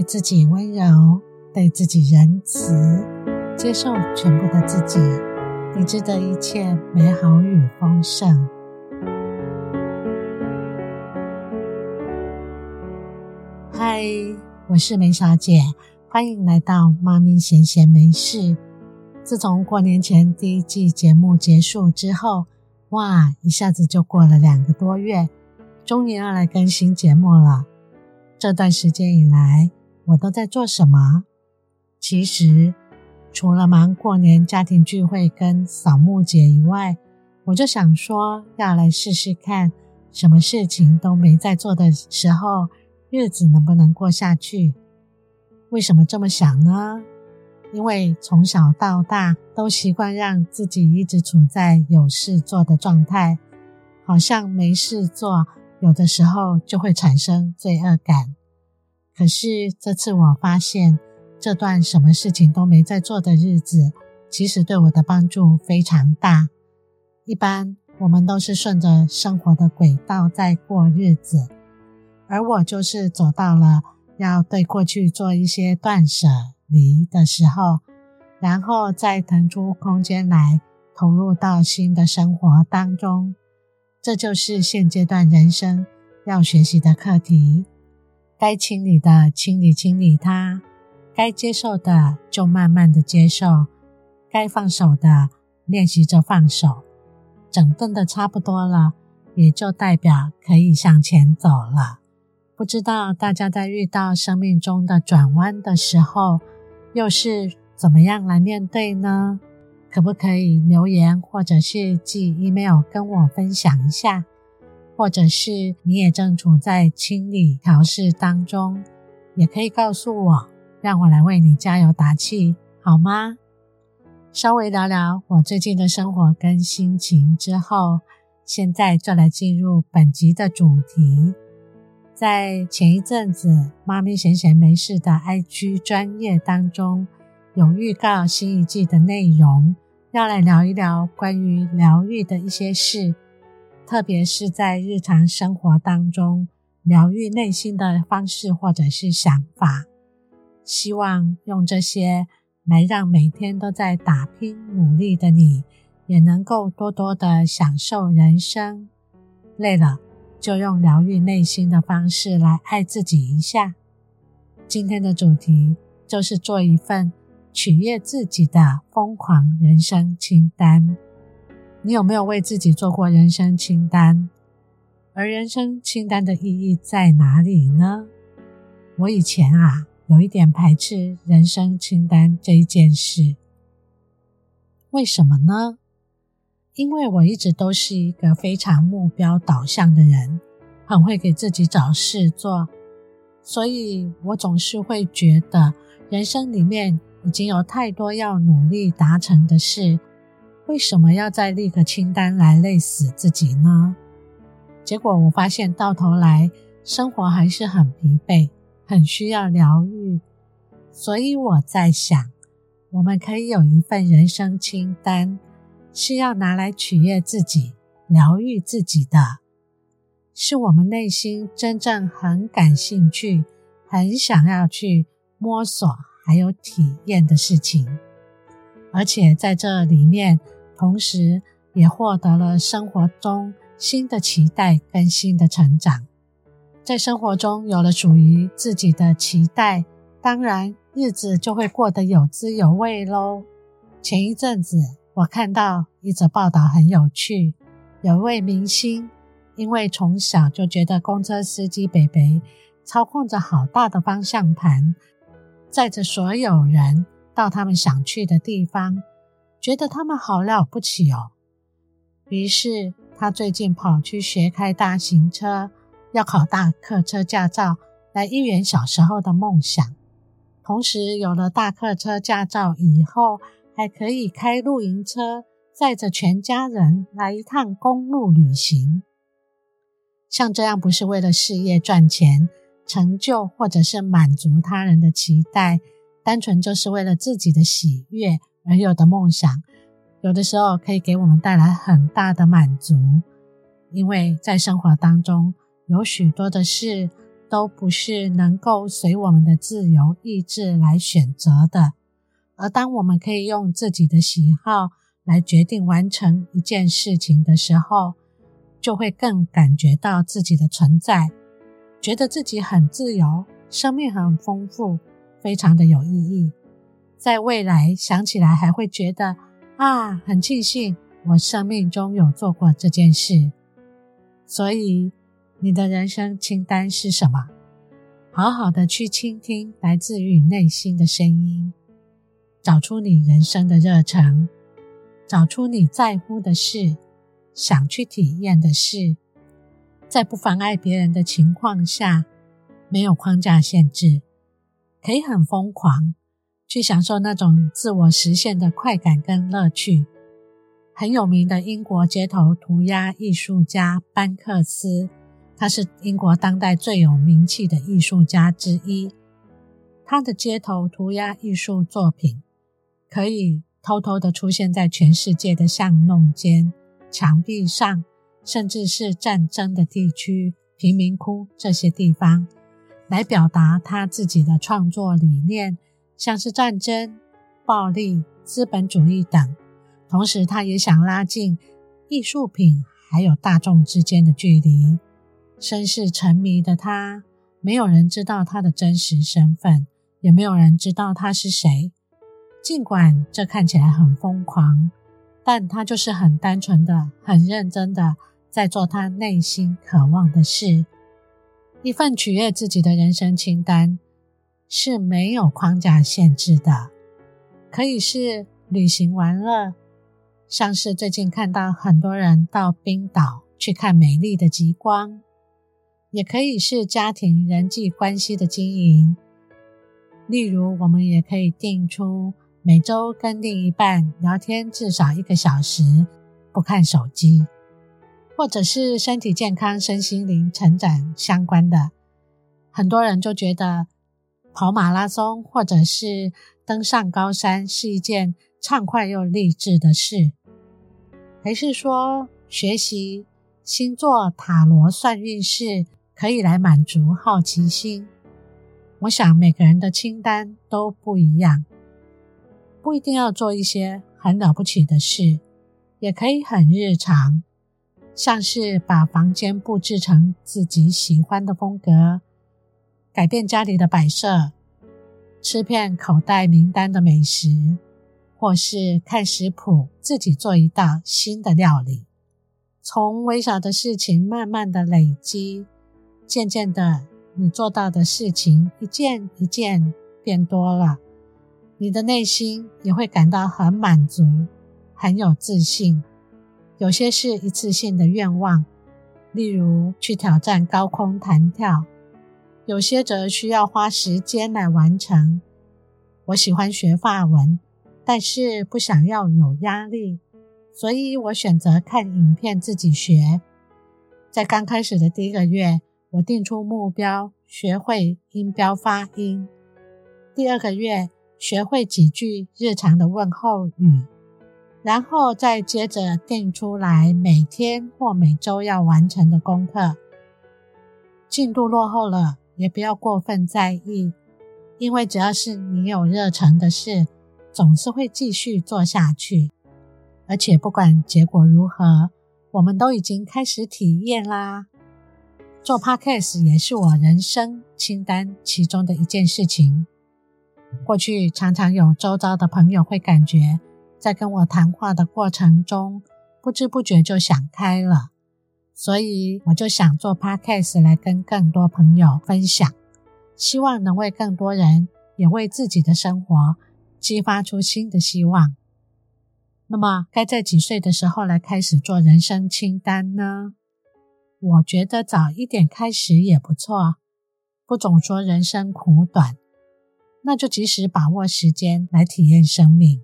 對自己溫柔，對自己仁慈，接受全部的自己，你值得一切美好與豐盛。嗨，我是梅小姐，歡迎來到媽咪閒閒梅事。自從過年前第一季節目結束之後，哇，一下子就過了兩個多月，終於要來更新節目了。這段時間以來。我都在做什麼？其實，除了忙過年、家庭聚會跟掃墓節以外，我就想說，要來試試看，什麼事情都沒在做的時候，日子能不能過下去？為什麼這麼想呢？因為從小到大都習慣讓自己一直處在有事做的狀態，好像沒事做，有的時候就會產生罪惡感。可是這次我發現，這段什麼事情都沒在做的日子，其實對我的幫助非常大。一般我們都是順着生活的軌道在過日子，而我就是走到了要對過去做一些斷舍離的時候，然後再騰出空間來投入到新的生活當中。這就是現階段人生要學習的課題。該清理的清理清理它，該接受的就慢慢的接受，該放手的練習着放手，整頓的差不多了，也就代表可以向前走了。不知道大家在遇到生命中的轉彎的時候，又是怎麼樣來面對呢？可不可以留言或者是寄 email 跟我分享一下？或者是你也正處在清理調試當中，也可以告訴我，讓我來為你加油打氣，好嗎？稍微聊聊我最近的生活跟心情之後，現在就來進入本集的主題。在前一陣子，媽咪閒閒梅事的 IG 專頁當中，有預告新一季的內容，要來聊一聊關於療癒的一些事。特別是在日常生活當中，療癒內心的方式，或者是想法，希望用這些來讓每天都在打拼努力的你，也能夠多多的享受人生。累了，就用療癒內心的方式來愛自己一下。今天的主題就是做一份取悅自己的瘋狂人生清單。你有沒有為自己做過人生清單？而人生清單的意義在哪裡呢？我以前啊，有一點排斥人生清單這一件事。為什麼呢？因為我一直都是一個非常目標導向的人，很會給自己找事做，所以我總是會覺得人生裡面已經有太多要努力達成的事。為什麼要再列個清單來累死自己呢？結果我發現到頭來生活還是很疲憊，很需要療癒。所以我在想，我們可以有一份人生清單，是要拿來取悅自己、療癒自己的，是我們內心真正很感興趣、很想要去摸索還有體驗的事情，而且在這裡面。同時，也獲得了生活中新的期待跟新的成長。在生活中有了屬於自己的期待，當然日子就會過得有滋有味嘍。前一陣子，我看到一則報道，很有趣。有位明星，因為從小就覺得公車司機北北操控着好大的方向盤，載着所有人到他們想去的地方。覺得他們好了不起哦，於是他最近跑去學開大型車，要考大客車駕照，來一圓小時候的夢想。同時，有了大客車駕照以後還可以開露營車，載着全家人來一趟公路旅行。像這樣，不是為了事業賺錢、成就，或者是滿足他人的期待，單純就是為了自己的喜悅。沒有的夢想，有的時候可以給我們帶來很大的滿足，因為在生活當中有許多的事都不是能夠隨我們的自由意志來選擇的。而當我們可以用自己的喜好來決定完成一件事情的時候，就會更感覺到自己的存在，覺得自己很自由，生命很豐富，非常的有意義。在未來想起來還會覺得啊，很慶幸我生命中有做過這件事。所以，你的人生清單是什麼？好好的去傾聽來自於內心的聲音，找出你人生的熱誠，找出你在乎的事，想去體驗的事，在不妨礙別人的情況下，沒有框架限制，可以很瘋狂。去享受那種自我實現的快感跟樂趣。很有名的英國街頭塗鴉藝術家班克斯，他是英國當代最有名氣的藝術家之一。他的街頭塗鴉藝術作品可以偷偷的出現在全世界的巷弄間、牆壁上，甚至是戰爭的地區、貧民窟這些地方，來表達他自己的創作理念。像是戰爭、暴力、資本主義等，同時他也想拉近藝術品還有大眾之間的距離。身世成謎的他，沒有人知道他的真實身份，也沒有人知道他是誰。儘管這看起來很瘋狂，但他就是很單純的、很認真的在做他內心渴望的事，一份取悅自己的人生清單。是沒有框架限制的，可以是旅行玩樂，像是最近看到很多人到冰島去看美麗的極光，也可以是家庭人際關係的經營。例如，我們也可以定出每周跟另一半聊天至少一個小時，不看手機，或者是身體健康、身心靈成長相關的。很多人就覺得跑馬拉松，或者是登上高山，是一件暢快又勵志的事。還是說，學習星座、塔羅算運勢，可以來滿足好奇心？我想每個人的清單都不一樣，不一定要做一些很了不起的事，也可以很日常，像是把房間佈置成自己喜歡的風格。改變家裡的擺設，吃遍口袋名單的美食，或是看食譜自己做一道新的料理。從微小的事情慢慢的累積，漸漸的，你做到的事情一件一件變多了，你的內心也會感到很滿足，很有自信。有些是一次性的願望，例如去挑戰高空彈跳。有些則需要花時間來完成。我喜歡學法文，但是不想要有壓力，所以我選擇看影片自己學。在剛開始的第一個月，我定出目標，學會音標發音；第二個月，學會幾句日常的問候語，然後再接着定出來每天或每周要完成的功課。進度落後了，也不要過分在意，因為只要是你有熱忱的事，總是會繼續做下去。而且不管結果如何，我們都已經開始體驗啦。做 Podcast 也是我人生清單其中的一件事情。過去常常有周遭的朋友會感覺，在跟我談話的過程中，不知不覺就想開了。所以我就想做 Podcast 來跟更多朋友分享，希望能為更多人也為自己的生活激發出新的希望。那麼該在幾歲的時候來開始做人生清單呢？我覺得早一點開始也不錯，不總說人生苦短，那就及時把握時間來體驗生命。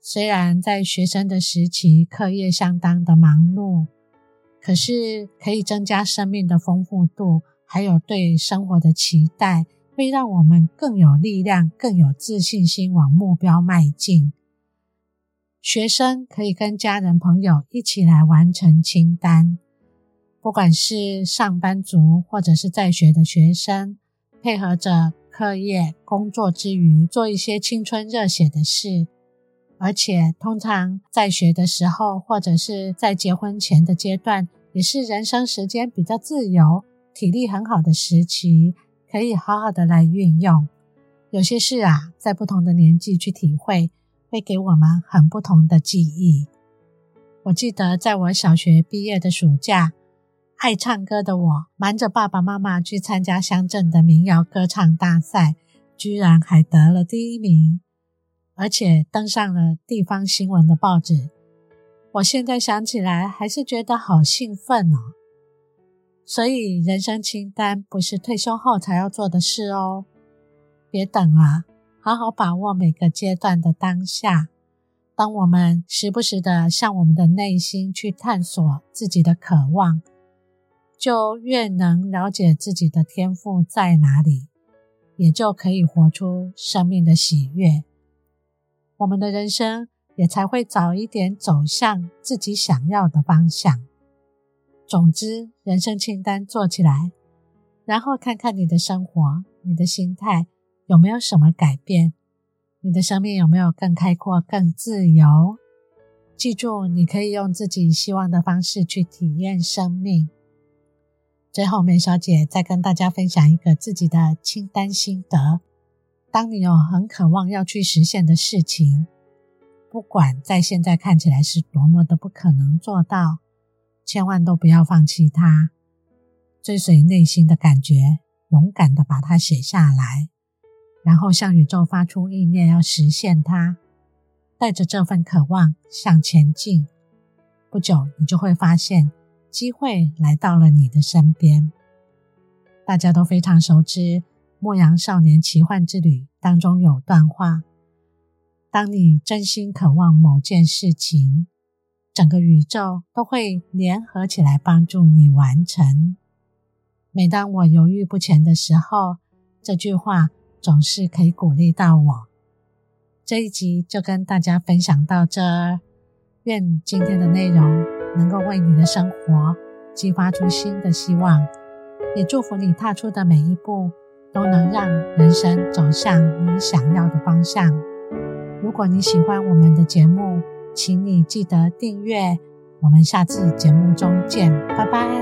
雖然在學生的時期，課業相當的忙碌。可是，可以增加生命的豐富度，還有對生活的期待，會讓我們更有力量、更有自信心，往目標邁進。學生可以跟家人、朋友一起來完成清單，不管是上班族或者是在學的學生，配合着課業、工作之餘，做一些青春熱血的事。而且，通常在學的時候，或者是在結婚前的階段，也是人生時間比較自由、體力很好的時期，可以好好的來運用。有些事啊，在不同的年紀去體會，會給我們很不同的記憶。我記得在我小學畢業的暑假，愛唱歌的我瞞着爸爸媽媽去參加鄉鎮的民謠歌唱大賽，居然還得了第一名。而且登上了地方新聞的報紙，我現在想起來還是覺得好興奮哦。所以，人生清單不是退休後才要做的事哦，別等了，好好把握每個階段的當下。當我們時不時的向我們的內心去探索自己的渴望，就越能了解自己的天賦在哪裡，也就可以活出生命的喜悅。我們的人生也才會早一點走向自己想要的方向。總之，人生清單做起來，然後看看你的生活、你的心態有沒有什麼改變，你的生命有沒有更開闊、更自由。記住，你可以用自己希望的方式去體驗生命。最後，梅小姐再跟大家分享一個自己的清單心得。當你有很渴望要去實現的事情，不管在現在看起來是多麼的不可能做到，千萬都不要放棄它。追隨內心的感覺，勇敢的把它寫下來，然後向宇宙發出意念要實現它。帶着這份渴望向前進，不久你就會發現機會來到了你的身邊。大家都非常熟知。《牧羊少年奇幻之旅》當中有段話：“當你真心渴望某件事情，整個宇宙都會聯合起來幫助你完成。”每當我猶豫不前的時候，這句話總是可以鼓勵到我。這一集就跟大家分享到這。願今天的內容能夠為你的生活激發出新的希望，也祝福你踏出的每一步。都能讓人生走向你想要的方向。如果你喜歡我們的節目，請你記得訂閱。我們下次節目中見，拜拜。